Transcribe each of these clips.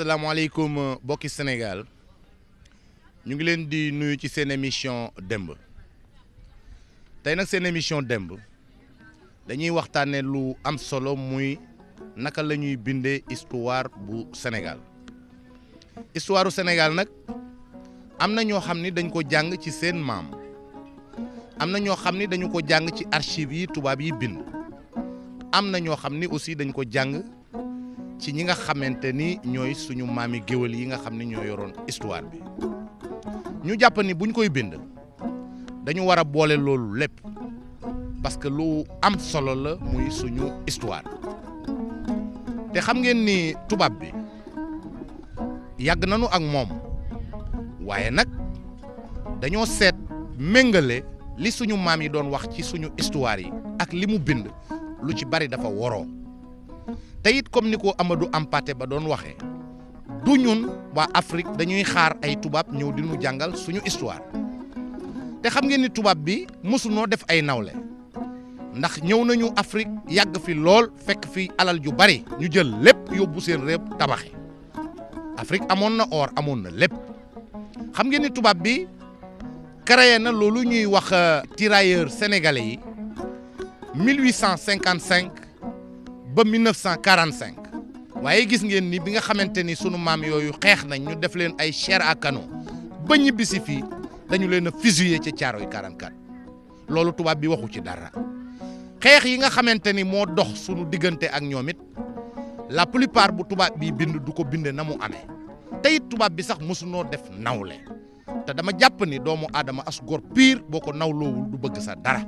asalaamaaleykum euh, bokki Sénégal ñu ngi leen di nuyu ci seen émission démb tey nag seen émission démb dañuy waxtaanee lu am solo muy naka la ñuy bindee histoire bu Sénégal histoire bu Sénégal nag am na ñoo xam ni dañ ko jàng ci seen maam am na ñoo xam ni dañu ko jàng ci archives yi tubaab yi bind am na ñoo xam ni aussi dañ ko jàng. ci ñi nga xamante ni ñooy suñu maami géwél yi nga xam ne ñoo yoroon histoire bi ñu jàpp ni buñ koy bind dañu war a boole loolu lépp parce que lu am solo la muy suñu histoire te xam ngeen ni tubaab bi yàgg nañu ak moom waaye nag dañoo seet méngale li suñu maam yi doon wax ci suñu histoire yi ak li mu bind lu ci bari dafa woroo te it comme ni ko amadu Hampâté ba doon waxee du ñun waa Afrique dañuy xaar ay tubaab ñëw di jàngal suñu histoire te xam ngeen ni tubaab bi mosunoo def ay nawle ndax ñëw nañu Afrique yàgg fi lool fekk fi alal ju bari ñu jël lépp yóbbu seen réew tabaxi Afrique amoon na or amoon na lépp xam ngeen ni tubaab bi créé na loolu ñuy wax euh, tirailleurs sénégalais yi 1855 ba 1945 waaye gis ngeen nii bi nga xamante ni sunu maam yooyu xeex nañ ñu def leen ay chair à canon ba ñibbi si fii dañu leen a ci ca Caaroy 44 loolu tubaab bi waxu ci dara xeex yi nga xamante ni moo dox sunu diggante ak ñoom it la plupart bu tubaab bii bind du ko bind na mu amee te tubaab bi sax mosunoo def nawle te dama jàpp ni doomu aadama as gor boo ko nawloowul du bëgg sa dara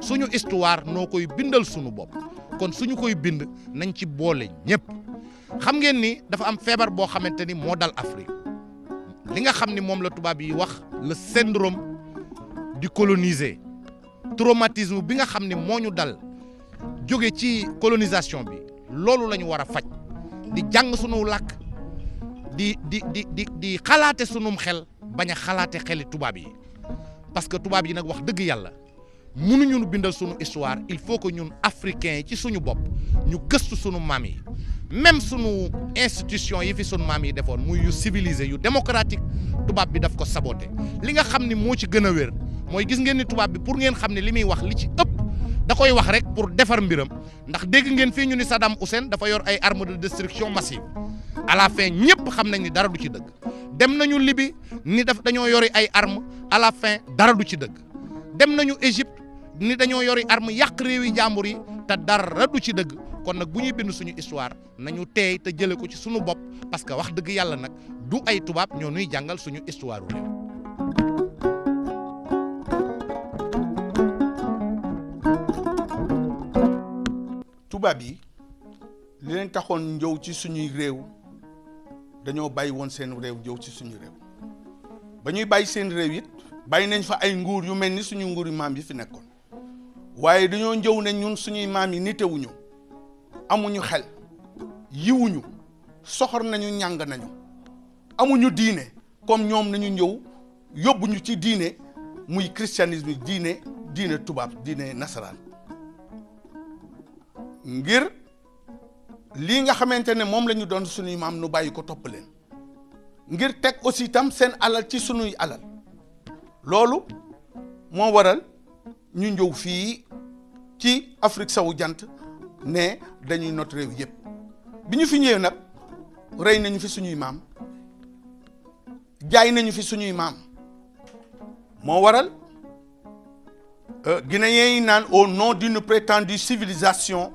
suñu histoire noo koy bindal sunu bopp kon suñu koy bind nañ ci boole ñëpp xam ngeen ni dafa am feebar boo xamante ni moo dal Afrique li nga xam ni moom la tubaab yi wax le syndrome di colonisé traumatisme bi nga xam ni moo ñu dal jóge ci colonisation bi loolu lañu ñu war a faj di jàng sunu làkk di di di di di xalaate sunum xel bañ a xalaate xeli tubaab yi parce que tubaab yi nag wax dëgg yàlla mënuñu ñu bindal suñu histoire il faut que ñun africain yi ci suñu bopp ñu gëstu sunu maam yi même suñu institution yi fi suñu maam yi defoon muy yu civilisé yu démocratique tubaab bi daf ko saboté li nga xam ni moo ci gën a wér mooy gis ngeen ni tubaab bi pour ngeen xam ne li muy wax li ci ëpp da koy wax rek pour defar mbiram ndax dégg ngeen fii ñu ni Saddam Hussein dafa yor ay armes de destruction massive à la fin ñëpp xam nañ ni dara du ci dëgg dem nañu libi ni daf dañoo yori ay armes à la fin dara du ci dëgg dem nañu Égypte ni dañoo yori arme yàq réew yi jàmbur yi te dara du ci dëgg kon nag bu ñuy bind suñu histoire nañu teey te jële ko ci suñu bopp parce que wax dëgg yàlla nag du ay tubaab ñoo nuy jàngal suñu histoire réew tubaab yi li leen taxoon njëw ci suñuy réew dañoo bàyyi woon seen réew njëw ci suñu réew ba ñuy bàyyi seen réew yit bàyyi nañ fa ay nguur yu mel ni suñu nguur yu maam yi fi nekkoon waaye dañoo njëw ne ñun suñuy maam yi nitewuñu amuñu xel yiwuñu soxor nañu ñàng nañu amuñu diine comme ñoom nañu ñëw yóbbuñu ci diine muy christianisme diine diine tubaab diine nasaraan ngir lii nga xamante ne moom lañu doon suñuy maam nu bàyyi ko topp leen ngir teg aussi itam seen alal ci suñuy alal loolu moo waral ñu ñëw fii ci Afrique sawu jant ne dañuy not réew yëpp bi ñu fi ñëwee nag rey nañu fi suñuy maam jaay nañu fi suñuy maam moo waral euh, guinéens yi naan au nom d'une prétendue civilisation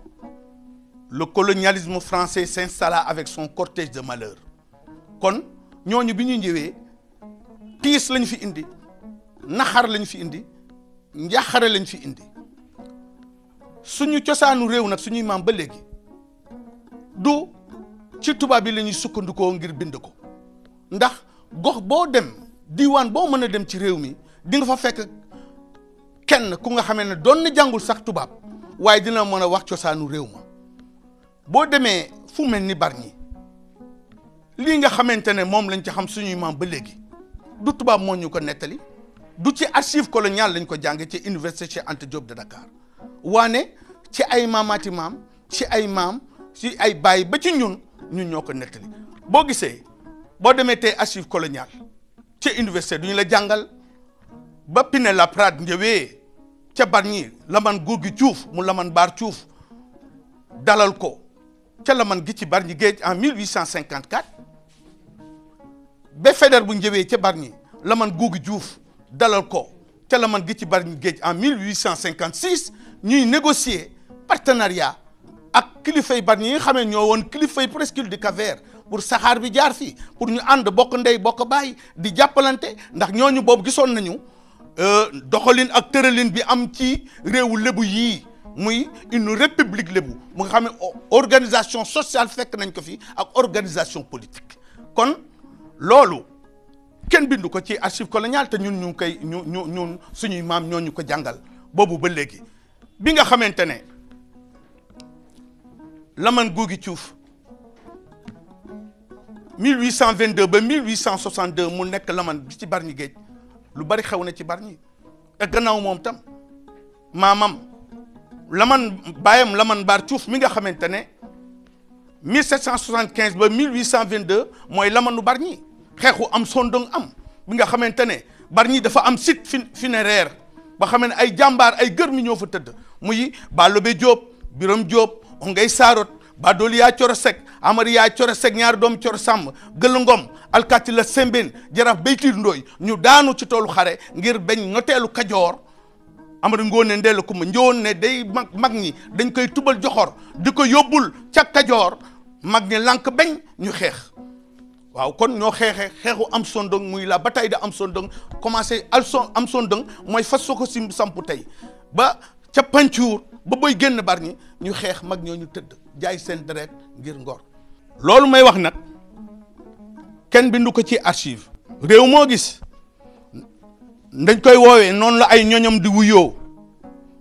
le colonialisme français s'installa avec son cortège de malheur kon ñooñu bi ñu ñëwee tiis lañu fi indi naxar lañu fi indi njaaxare lañ fi indi suñu cosaanu réew nag suñuy maam ba léegi du ci tubaab yi lañuy sukkandikoo ngir bind ko ndax gox boo dem diwaan boo mën a dem ci réew mi di nga fa fekk kenn ku nga xamee ne doon na jàngul sax tubaab waaye dina mën a wax cosaanu réew ma boo demee fu mel ni Bargny lii nga xamante ne moom lañ ci xam suñuy maam ba léegi du tubaab moo ñu ko nettali du ci archive coloniale lañ ko jàng ci université Cheikh Anta Diop de Dakar waane ci ay maamaati maam ci ay maam ci ay baay ba ci ñun ñun ñoo ko nettali boo gisee boo demee tey archive coloniale ci université du ñu la jàngal ba Pinet Laprade ñëwee ca Bargny Lamane Gorgui Diouf mu Lamane Baar Diouf dalal ko ca Lamane gi ci Bargny Géej en 1854 ba Faidherbe bu ñëwee ca Bargny Lamane Gorgui Diouf dalal ko ca la man gi ci bari géej en 1856 ñuy négocier partenariat ak kilifay bari ñi xamee ñoo woon kilifay presqu'île du Cap-Vert pour saxaar bi jaar fii pour ñu ànd bokk ndey bokk bàyyi di jàppalante ndax ñooñu boobu gisoon nañu euh, doxalin ak tëralin bi am ci réewu lébu yii muy une république lébu mu nga xam ne organisation sociale fekk nañ ko fi ak organisation politique kon loolu kenn bindu ko ci archive coloniale te ñun ñu ngi koy ñu ñu ñun suñuy maam ñoo ñu ko jàngal boobu ba léegi bi nga xamante ne Laman Gougui vingt 1822 ba 1862 mu nekk Laman bi ci bar Bargny Géej lu bari xew na ci Bargny te gannaaw moom tam maamam Laman baayam Laman Baar Diouf mi nga xamante ne 1775 ba mille cent vingt deux mooy Lamanu Bargny xeexu am sondong am bi nga xamante ne ñi dafa am site funéraire ba xam ne ay jàmbaar ay gërmi ñoo fa tëdd muy Balobé jóob Biram Diop Ongay Sarot Badoliya Coro Seck Amariya Coro Seck ñaari doom Coro Samb Gëlë Ngom alkati la Sembène Jaraaf Beytir Ndooy ñu daanu ci toolu xare ngir bañ noteelu Kajoor Amari Ngoone Ndeela Kumba ñëwoon ne day mag mag ñi dañ koy tubal joxor di ko yóbbul ca Kajoor mag ñi lank bañ ñu xeex waaw kon ñoo xeexee xeexu am Amsondong muy la ba bataille de Amsondong commencé alson Amsondong mooy fas soo ko si samp tey ba ca Pancuur ba booy génn Bargny ñu xeex mag ñoo ñu tëdd jaay seen deret ngir ngor loolu may wax nag kenn bindu ko ci archive réew moo gis dañ koy woowee noonu la ay ñoñam di wuyoo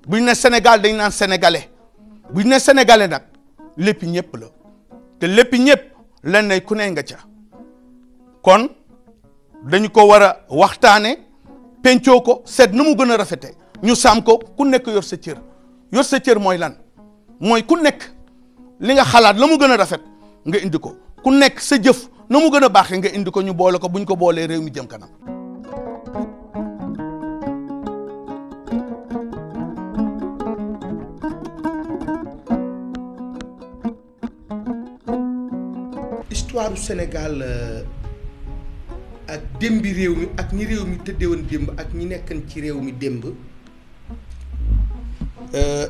buñ ne Sénégal dañ naan sénégalais buñ ne sénégalais nag lépp ñëpp la te lépp ñëpp lenn ku ne nga ca kon dañu ko war a waxtaane pencoo ko seet nu mu gën a rafete ñu saam ko ku nekk yor sa cër yor sa cër mooy lan mooy ku nekk li nga xalaat la mu gën a rafet nga indi ko ku nekk sa jëf na mu gën a baaxee nga indi ko ñu boole ko bu ñu ko boolee réew mi jëm kanam ak démbi réew mi ak ñi réew mi tëddeewoon démb ak ñi nekkan ci réew mi démb euh,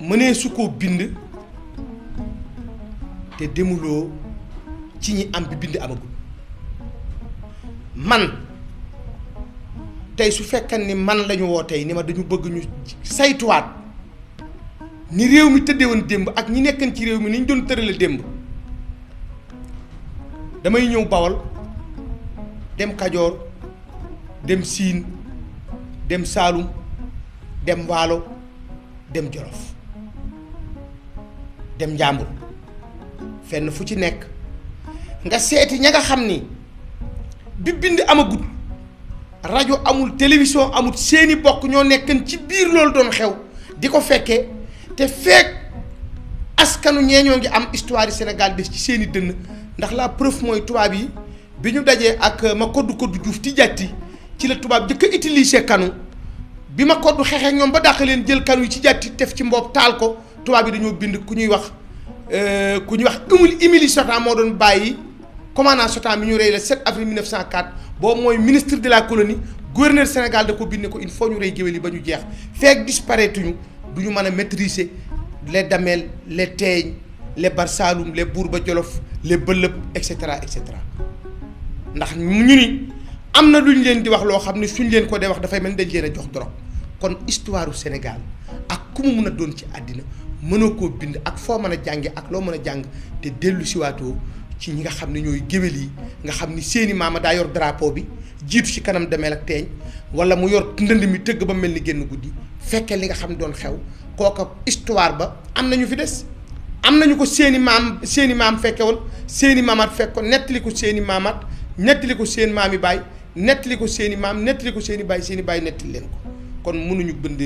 mënee su koo bind te demuloo ci ñi am bi bind amagul man tey su fekkan ni man lañu woo tey ni ma dañu bëgg ñu saytuwaat ni réew mi tëddeewoon démb ak ñi nekkan ci réew mi ni ñu doon tërale démb damay ñëw bawal dem Kajoor dem Siin dem Saalum dem Waalo dem Jolof dem Njàmbur fenn fu ci nekk nga seeti ña nga xam ni bi bind amagut rajo amul télévision amul seeni bokk ñoo nekkan ci biir loolu doon xew di ko fekkee te fekk askanu ñee ñoo ngi am histoire du Sénégal des ci seeni dënn ndax la preuve mooy tubaab yi bi ñu dajee ak ma koddu koddu Diouf ti jàtti ci la tubaab jëkk a utiliser kanu bi ma koddu xeexee ñoom ba dàq leen jël kanu yi ci jàtti def ci mboob taal ko tubaab yi dañoo bind ku ñuy wax euh, ku ñuy wax Émile Émile Sotan moo doon bàyyi commandant Sotan bi ñu rey le 7 avril 1904 boobu mooy ministre de la colonie gouverneur Sénégal da ko bind ko il faut ñu rey géwél yi ba ñu jeex feek disparaître ñu du ñu mën a maîtriser les damel les teeñ les barsaalum les buurba jolof les bëlëb et cetera et cetera. ndax ñu ni am na lu ñu leen di wax loo xam ne suñ leen ko dee wax dafay mel dañ leen jox drogue kon histoire du Sénégal ak ku mu mun a doon ci àddina mënoo ko bind ak foo mën a jànge ak loo mën a jàng te dellu siwaatoo ci ñi nga xam ne ñooy géwél yi nga xam ni seeni maama daa yor drapeau bi jiitu ci kanam demel ak teeñ wala mu yor ndënd mi tëgg ba mel ni génn guddi fekkee li nga xam ne doon xew kooka histoire ba am nañu fi des am nañu ko seeni maam seeni maam fekke woon seeni maamaat fekk ko nettali ko seeni maamaat nettali ko seen maam yi baay nettali ko seeni maam nettali ko seeni i baay seen i baay nettali leen ko kon mënuñu bind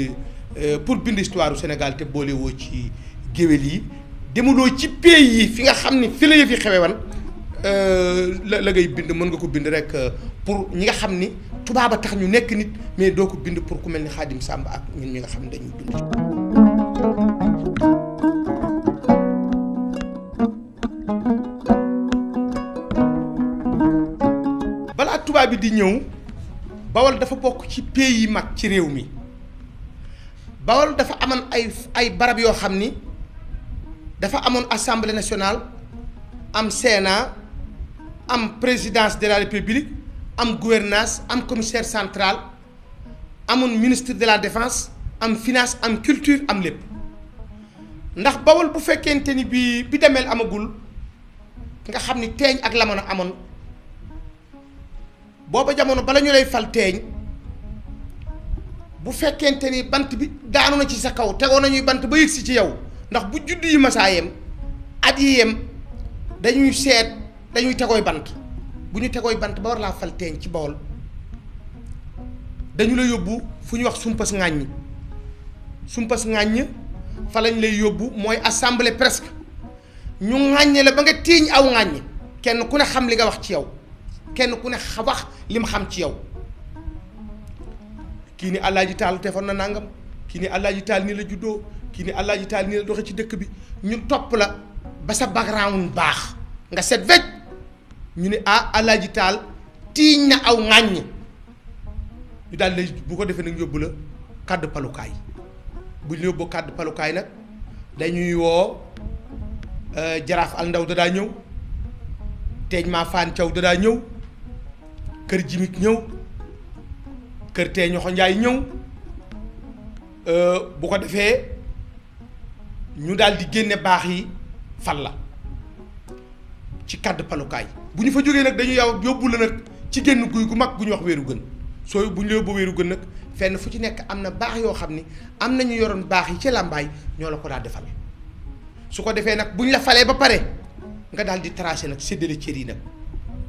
euh, pour bind histoire du Sénégal te boolewoo ci géwél yi demuloo ci pays yi fi nga xam ni fi la yëf fi xewe wan euh, la la ngay bind mën nga ko bind rek euh, pour ñi nga xam ni tubaaba tax ñu nekk nit mais doo ko bind pour ku mel ni Xaadim Sàmb ak ñun ñi nga xam ne dañuy bind di ñëw bawol dafa bokk ci pays yi mag ci réew mi bawol dafa amoon ay ay barab yoo xam ni dafa amoon assemble nationale am sénat am présidence de la république am gouvernance am commissaire central amoon ministre de la defence am finance am culture am lépp ndax bawol bu fekkente ni bi bi demeel amagul nga xam ni teeñ ak lamono amoon booba jamono bala ñu lay fal teeñ bu fekkente ni bant bi daanu na ci sa kaw tegoo nañuy bant ba yëgsi ci yow ndax bu judd yi masaa yem at yi yem dañuy seet dañuy tegooy bant bu ñu tegooy bant ba war laa fal teeñ ci Bawol dañu la yóbbu fu ñu wax sumpas ŋàññ sumpas ŋàññ fa lañ lay yóbbu mooy assemblée presque ñu ŋàññe la ba nga tiiñ aw ŋàññ kenn ku ne xam li nga wax ci yow kenn ku ne wax li mu xam ci yow kii ni Alaaji Taal defoon na nangam kii ni Alaaji Taal nii la juddoo kii ni Alaaji Taal nii la doxee ci dëkk bi ñu topp la ba sa background baax nga set wecc ñu ne ah Alaaji Taal tiiñ na aw ŋàññ ñu daal lay bu ko defee nag yóbbu la kàddu palukaay bu ñu yóbbu kàddu palukaay nag dañuy woo euh, jaraaf al ndaw dadaa ñëw teej maa faan caw dadaa ñëw kër jimik ñëw kër tee ñoxo njaay ñëw euh, bu ko defee ñu daal di génne baax yi fan la ci kàdd palukaay bu ñu fa jógee nag dañu yow yóbbu la nag ci génn guy gu mag bu ñu wax weeru gën sooy bu ñu la yóbbu wéeru gën nag fenn fu ci nekk am na baax yoo xam ni am na ñu yoroon baax yi ci làmbaay ñoo la ko daal defal su ko defee nag bu ñu la falee ba pare nga daal di tracé nag séddale cër yi nag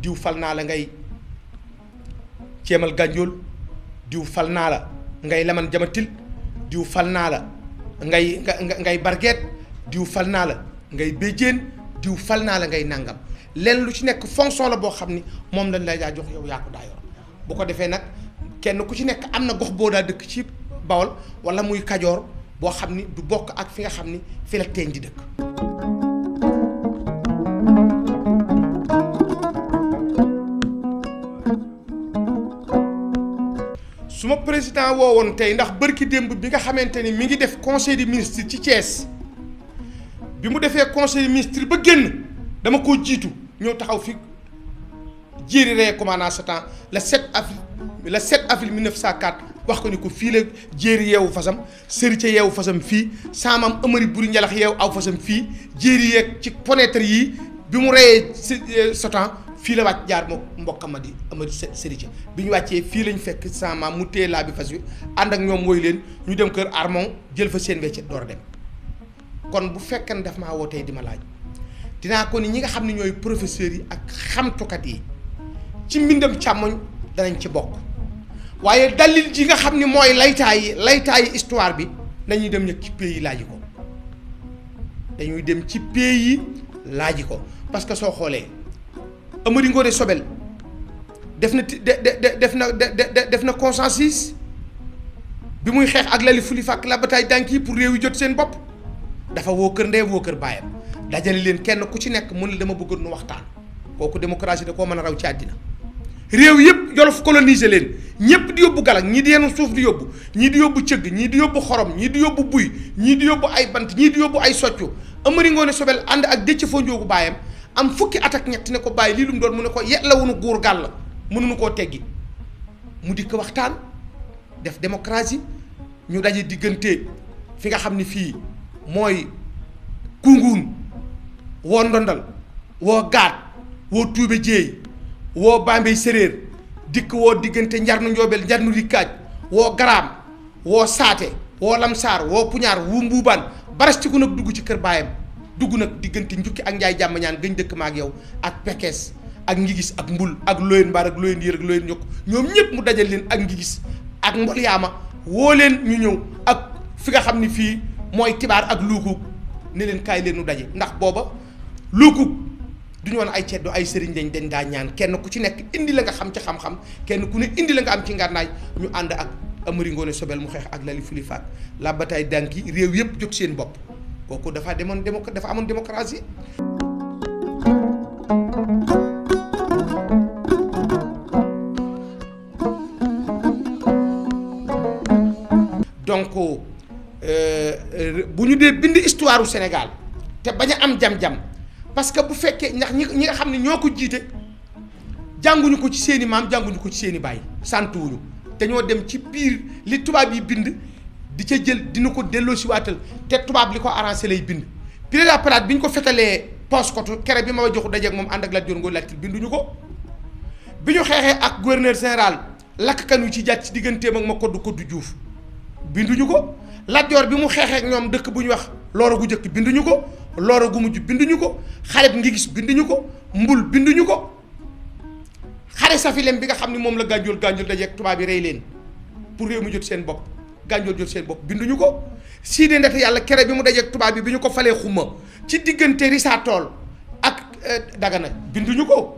diw fal naa la ngay ceemal gànjool diw fal naa la ngay laman jamatil diw fal naa la ngay ngay barget diw fal naa la ngay béjjéen diw fal naa la ngay nàngam lenn lu ci nekk fonction la boo xam ni moom lañ lay daa jox yow yaa ko daa yor bu ko defee nag kenn ku ci nekk am na gox boo daa dëkk ci Bawol wala muy Kajoor boo xam ni du bokk ak fi nga xam ni fi la teeñ di dëkk ma président woowoon tey ndax bërki démb bi nga xamante ni mi ngi def conseil des ministres ci Thiès bi mu defee conseil des ministres ba génn dama ko jiitu ñëw taxaw fi jéeri ree commandant ce temps le 7 avril le 7 avril 1904 wax ko ni ko fii la jéeri yeewu fasam sërica yeewu fasam fii saamam amari buri njalax yeewu aw fasam fii jéeri yeeg ci fenêtre yi bi mu reyee sotan fii la wàcc jaar moo mbokk Amady Amady Serigne bi ñu wàccee fii lañ fekk sama mu téye laaj bi fas yu ànd ak ñoom woy leen ñu dem kër Armand jël fa seen wecce door dem kon bu fekkee daf maa woo tey di ma laaj dinaa ko ni ñi nga xam ne ñooy professeurs yi ak xamtukat yi ci mbindam càmmoñ danañ ci bokk waaye dalil ji nga xam ni mooy laytaay yi laytaay histoire bi dañuy dem nag ci pays yi laaji ko dañuy ci pays yi ko parce que soo xoolee. Amari Ngoone Sobel def na ti de de def na de def na consensus bi muy xeex ak lali fuli fàkk la bataille d'Anki pour réew yi jot seen bopp dafa woo kër ndeyam woo kër baayam dajale leen kenn ku ci nekk mun la dama bëggoon nu waxtaan kooku démocratie da koo mën a raw ci àddina réew yëpp jolof coloniser leen ñëpp di yóbbu galag ñii di yenu suuf di yóbbu ñii di yóbbu cëgg ñii di yóbbu xorom ñii di yóbbu buy ñii di yóbbu ay bant ñii di yóbbu ay soccu Amari Ngoone Sobel ànd ak Déthié Fall baayam am fukki at ñett ne ko bàyyi lii lu mu doon mu ne ko yet la wunu góor gàll mënuñu koo teggi mu dikk waxtaan def démocratie ñu daje diggante fi nga xam ni fii mooy kunguun woo ndondal woo gaat woo tuube jéey woo bambey séréer dikk woo diggante njarnu njoobel njarnu rikkaaj woo garaam woo saate woo lamsaar woo puñaar wu mbuubaan baras ci ku nag dugg ci kër baayam dugg nag diggante njukki ak njaay jàmm ñaan gëñ dëkk ma ak yow ak pekees ak ngigis ak mbul ak looyeen mbaar ak looyeen yër ak looyeen ñoom ñëpp mu dajal leen ak ngigis ak mbol yaama woo leen ñu ñëw ak fi nga xam ni fii mooy tibaar ak luukuk ne leen kaay leen nu daje ndax booba luukuk du ñu woon ay ceddo ay sëriñ lañ dañ daa ñaan kenn ku ci nekk indi la nga xam ci xam-xam kenn ku ne indi la nga am ci ngànnaay ñu ànd ak Amari Ngoone Sobel mu xeex ak Lali Fulifaak la bataille dànk yi réew yëpp jot seen bopp kooku dafa demoon démo dafa amoon démocratie. donc euh, bu ñu dee bind histoire Sénégal te bañ a am jam-jam parce que bu fekkee ndax ñi ñi nga xam ne ñoo ko jiite jànguñu ko ci seeni maam jànguñu ko ci seeni baay santuwuñu dañoo dem ci biir li tubaab yi bind. di ca jël dina ko delloo siwaatal te tubaab li ko arrangé lay bind président Palade bi ñu ko fetalee poos kotu kere bi ma a joxu moom ànd ak Lat Joor Ngoy Latir binduñu ko bi ñu xeexee ak gouverneur général lakk kan yu ci jàcc ci digganteem ak ma koddu koddu Juuf binduñu ko Lat bi mu xeexee ak ñoom dëkk bu ñu wax looro gu jëkk binduñu ko looro gu mujj binduñu ko bi nga gis binduñu ko mbul binduñu ko xare safilem bi nga xam ne moom la gànjool gànjool dajeeg tubaab yi rey leen pour réew mu jot seen bopp gànjool jot seen bopp binduñu ko Sidi Ndete yàlla kere bi mu dajeeg tubaab bi bi ñu ko falee xumma ci diggante Richard tool ak euh, Dagana binduñu ko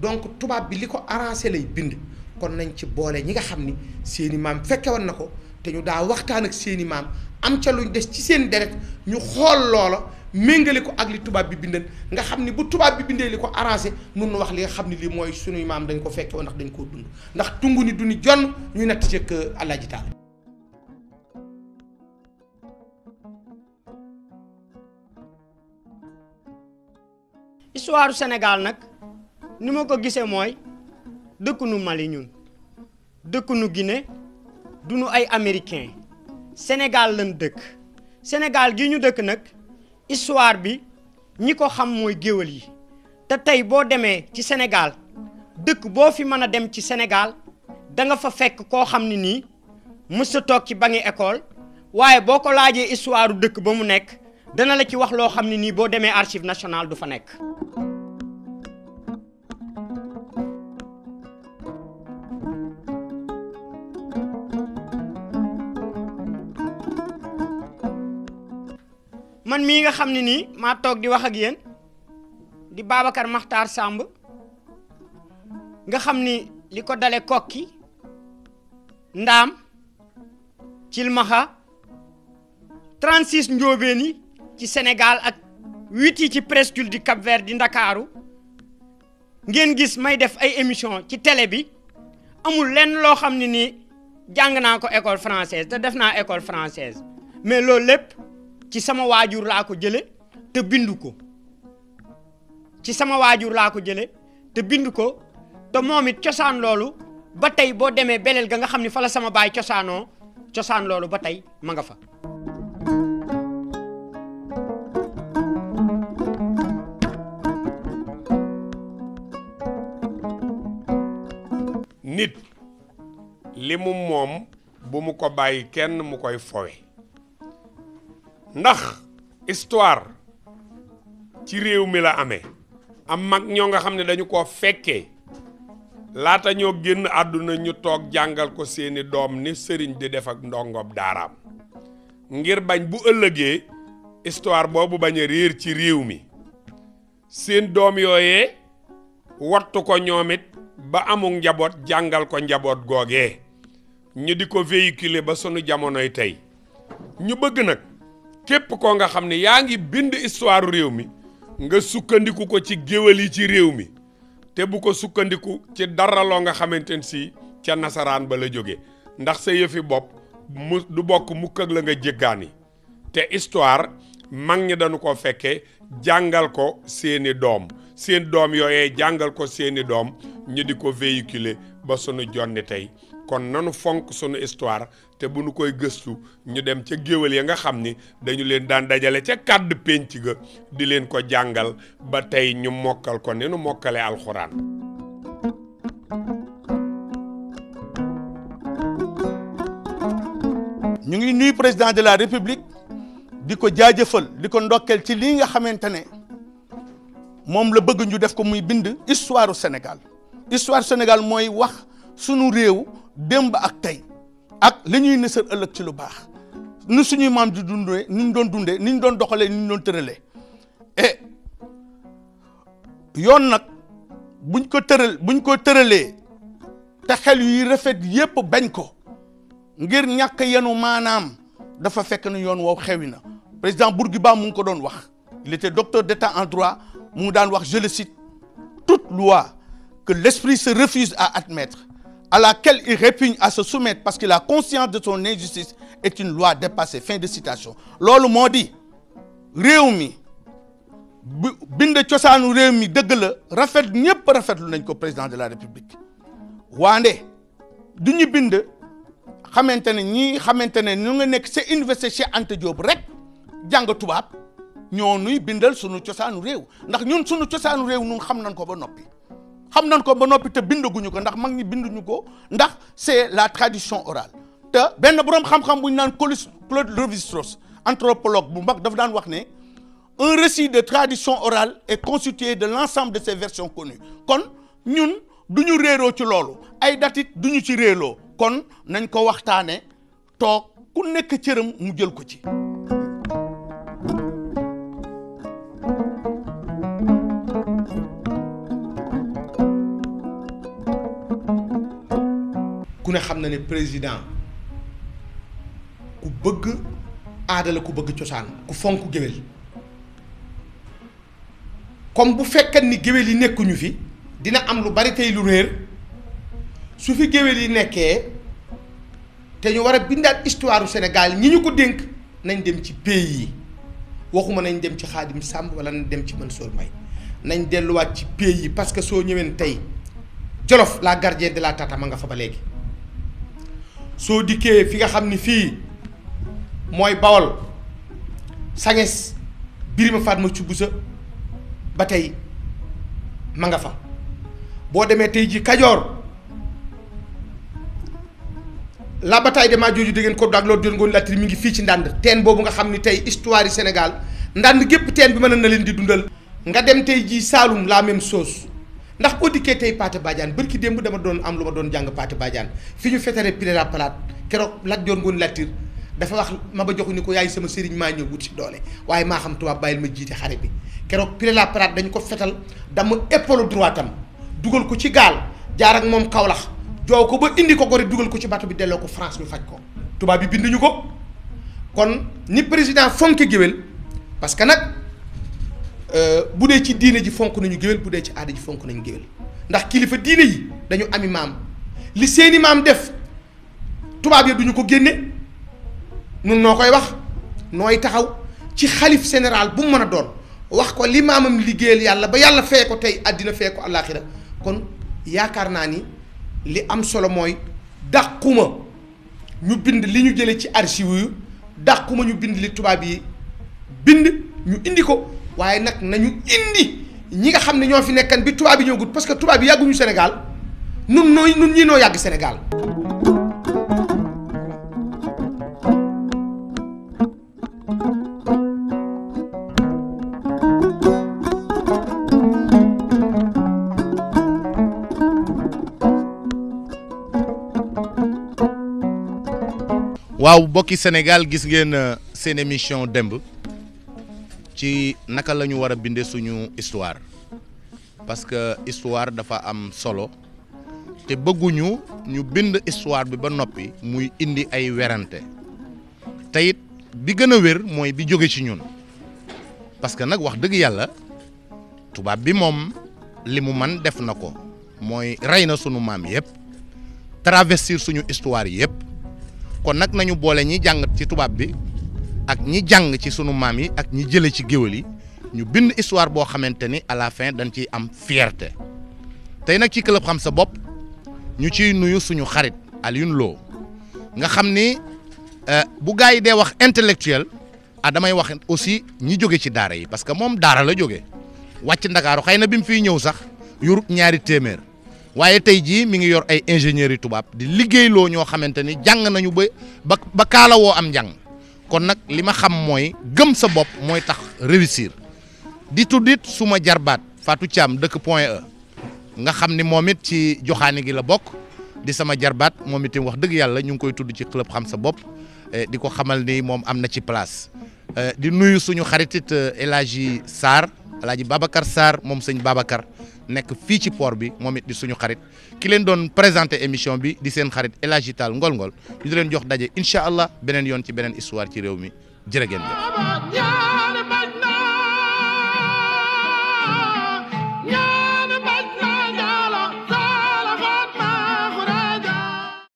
donc tubaab bi li ko arrangé lay bind kon nañ ci boole ñi nga xam ni seeni maam fekke woon na ko te ñu daa waxtaan ak seeni maam am ca ñu des ci seen deret ñu xool loola méngale ko ak li tubaab bi bindal nga xam ni bu tubaab bi bindee li ko arrangé mun nu wax li nga xam ni lii mooy sunuy maam dañ ko fekke ndax dañ koo dund ndax tungu ni du jonn ñu natt ci ak Alaaji histoire senegaal nag ni ma ko gisee mooy dëkkunu Mali ñun dëkkunu Guinée duñu ay americain Sénégal lañ dëkk Sénégal gi ñu dëkk nag histoire bi ñi ko xam mooy géwal yi te tey boo demee ci Sénégal dëkk boo fi mën a dem ci senegaal danga fa fekk koo xam ne nii mës a toog ci ba ngi école waaye boo ko laajee histoire dëkk ba mu nekk dana la ci wax loo xam ne nii boo demee archive nationale du fa nekk man mii nga xam ne nii maa toog di wax ak yéen di Babacar Makhtar Samb nga xam ni li ko dale kokki ndaam cilmaxa 36 njóobeen yi ci Sénégal ak huit yi ci presqu'île du Cap-Vert di Ndakaaru ngeen gis may def ay émission ci tele bi amul lenn loo xam ne nii jàng naa ko école française te def naa école française mais loolu lépp ci sama waajur laa ko jële te bindu ko ci sama waajur laa ko jële te bindu ko te moom it cosaan loolu ba tey boo demee beleel ga nga xam ne fa la sama baay cosaanoo cosaan loolu ba tey ma nga fa nit li mu moom bu mu ko bàyyi kenn mu koy fowe ndax histoire ci réew mi la amee am mag ñoo nga xam ne dañu ko fekkee laata ñoo génn àdduna ñu toog jàngal ko seeni doom ni sëriñ di def ak ndongob daaraam ngir bañ bu ëllëgee histoire boobu bañ a réer ci réew mi seen doom yooye wattu ko ñoom it ba amul njaboot jàngal ko njaboot googee ñu di ko véhiculer ba sunu jamonoy tey ñu bëgg nag képp ko nga xam ni yaa ngi bind histoire réew mi nga sukkandiku ko ci géwél yi ci réew mi te bu ko sukkandiku ci dara nga xamante ne si ca nasaraan ba la jóge ndax sa yëfi bopp mu du bokk mukk la nga jéggaani te histoire mag ñi dañu ko fekke jàngal ko seeni doom seen doom yooyee jàngal ko seeni doom ñu di ko véhiculer ba sunu jonni tey kon nanu fonk sunu histoire te bu nu koy gëstu ñu dem ca géwél ya nga xam ni dañu leen daan dajale ca kàddu pénc ga di leen ko jàngal ba tey ñu mokkal ko ni nu mokkale alxuraan ñu ngi nuyu président de la république di ko jaajëfal di ko ndokkeel ci lii nga xamante ne moom la bëgg ñu def ko muy bind histoire du Sénégal histoire Sénégal mooy wax sunu réew démb ak tey ak li ñuy nësër ëllëg ci lu baax nu suñuy maam di dundee ni ñu doon dundee ni ñu doon doxalee ni ñu doon tëralee et eh, yoon nag buñ ko tëral buñ ko tëralee te xel yuy rafet yépp bañ ko ngir ñàkk yenu maanaam dafa fekk na yoon woow xewi na président Bourguiba mu ngi ko doon wax il était docteur d'état en droit mu daan wax je le cite toute loi que l'esprit se refuse à admettre à laquelle il répugne à se soumettre parce qu'il a conscience de son injustice est une loi dépassée fin de citation loolu moo di réew mi bind cosaanu réew mi dëgg la rafet ñëpp rafetlu nañ ko président de la république waande du ñu bind xamante ne ñii xamante ne ñu nga nekk sa université Cheikh Anta Diop rek jàng tubaab ñoo nuy bindal sunu cosaanu réew ndax ñun sunu cosaanu réew ñun xam nañ ko ba noppi xam nañ ko ba noppi te bindaguñu ko ndax mag ñi binduñu ko ndax c'est la tradition orale te benn boroom xam-xam bu ñu naan Claude Claude Lévi-Strauss anthropologue bu mag dafa daan wax ne un récit de tradition orale est constitué de l'ensemble de ses versions connues kon ñun du ñu réeroo ci loolu ay datit du ñu ci réeloo kon nañ ko waxtaane toog ku nekk cëram mu jël ko ci ku ne xam na ne président ku bëgg aada la ku bëgg cosaan ku fonk géwél comme bu fekkee ni géwél yi nekkuñu fi dina am lu bari tey lu réer su fi géwél yi nekkee te ñu war a bindaat histoire du Sénégal ñi ñu ko dénk nañ dem ci pays yi waxuma nañ dem ci Xaadim Samb wala nañ dem ci sol Mbaye nañ delluwaat ci pays yi parce que soo ñëwee tey Jolof la gardienne de la Tata a nga fa ba léegi soo dikkee fi nga xam ni fii mooy bawol sanges birima Fatma ci busa ba tey ma nga fa boo demee tey jii kajoor la bataille de Majooju dégg ngeen ko daag loolu doon ngoon laajte mi ngi fii ci ndànd teen boobu nga xam ni tey histoire senegal Sénégal ndànd gépp teen bi mën na leen di dundal nga dem tey jii Saalum la même chose ndax boo dikkee tey Pathé Badiane bërki démb dama doon am lu ma doon jàng Pathé Badiane fi ñu fetare Pinet Palaat keroog Lat Joor Ngoone Latiir dafa wax ma ba joxu ni ko yaay sama sëriñ maa ñëw wuti si doole waaye maa xam tubaab bàyyil ma jiite xare bi keroog Pinet Palaat dañ ko fetal dama épaule droit am dugal ko ci gaal jaar ak moom Kaolack joow ko ba indi ko Gorée dugal ko ci bato bi delloo ko France ñu faj ko tubaab bi binduñu ko kon ni président fonk géwél parce que nag Euh, bu dee ci diine ji fonk nañu géwél bu dee ci aada ji fonk nañu géwél ndax kilifa diine yi dañu ami maam li seeni maam def tubaab yi duñu ko génne nun noo koy wax nooy taxaw ci xalif général bu mu mën a doon wax ko li maamam liggéeyal yàlla ba yàlla fee ko tey àddina fee ko àllaaxira kon yaakaar naa ni li am solo mooy dàquma ñu bind li ñu jëlee ci archive yu dàquma ñu bind li tubaab yi bind ñu indi ko waaye nag nañu indi ñi nga xam ne ñoo fi nekkan bi tubaab yi ñëwagut parce que tubaab yi yàgguñu Sénégal nun nooy nun ñii noo yàgg Sénégal waaw mbokki Sénégal gis ngeen euh, seen émission démb ci naka la ñu war a bindee suñu histoire parce que histoire dafa am solo te bëgguñu ñu bind histoire bi ba noppi muy indi ay werante te bi gën a wér mooy bi jóge ci ñun parce que nag wax dëgg yàlla tubaab bi moom li mu man def na ko mooy rey na suñu maam yëpp travestir suñu histoire yëpp kon nag nañu boole ñi jàngat ci tubaab bi. ak ñi jàng ci sunu maam yi ak ñi jële ci géwél yi ñu bind histoire boo xamante ni à la fin dañ ciy am fierte tey nag ci club xam sa bopp ñu ciy nuyu suñu xarit Alioune Lo nga xam ni euh, bu gars yi dee wax intellectuel ah damay wax aussi ñi jóge ci daara yi parce que moom daara la jóge wàcc ndakaaru xëy na bi mu fiy ñëw sax yorut ñaari téeméer waaye tey jii mi ngi yor ay ingénieurs yu tubaab di liggéeyloo ñoo xamante ni jàng nañu ba ba ba woo am njàng kon nag li ma xam mooy gëm sa bopp mooy tax réussir di tuddit su ma jarbaat Fatou Thiam dëkk Point e. nga xam ni moom it ci joxaani gi la bokk di sama jarbaat moom itam wax dëgg yàlla ñu ngi koy tudd ci club xam sa bopp eh, di ko xamal ni moom am na ci place Euh, di nuyu suñu xaritit it euh, El Hadji Sarr El Babacar Sarr moom sëñ Babacar nekk fii ci port bi moom it di suñu xarit ki leen doon présenté émission bi di seen xarit El Hadji Ngol Ngol ñu di leen jox daje incha allah beneen yoon ci beneen histoire ci réew mi jërë ngeen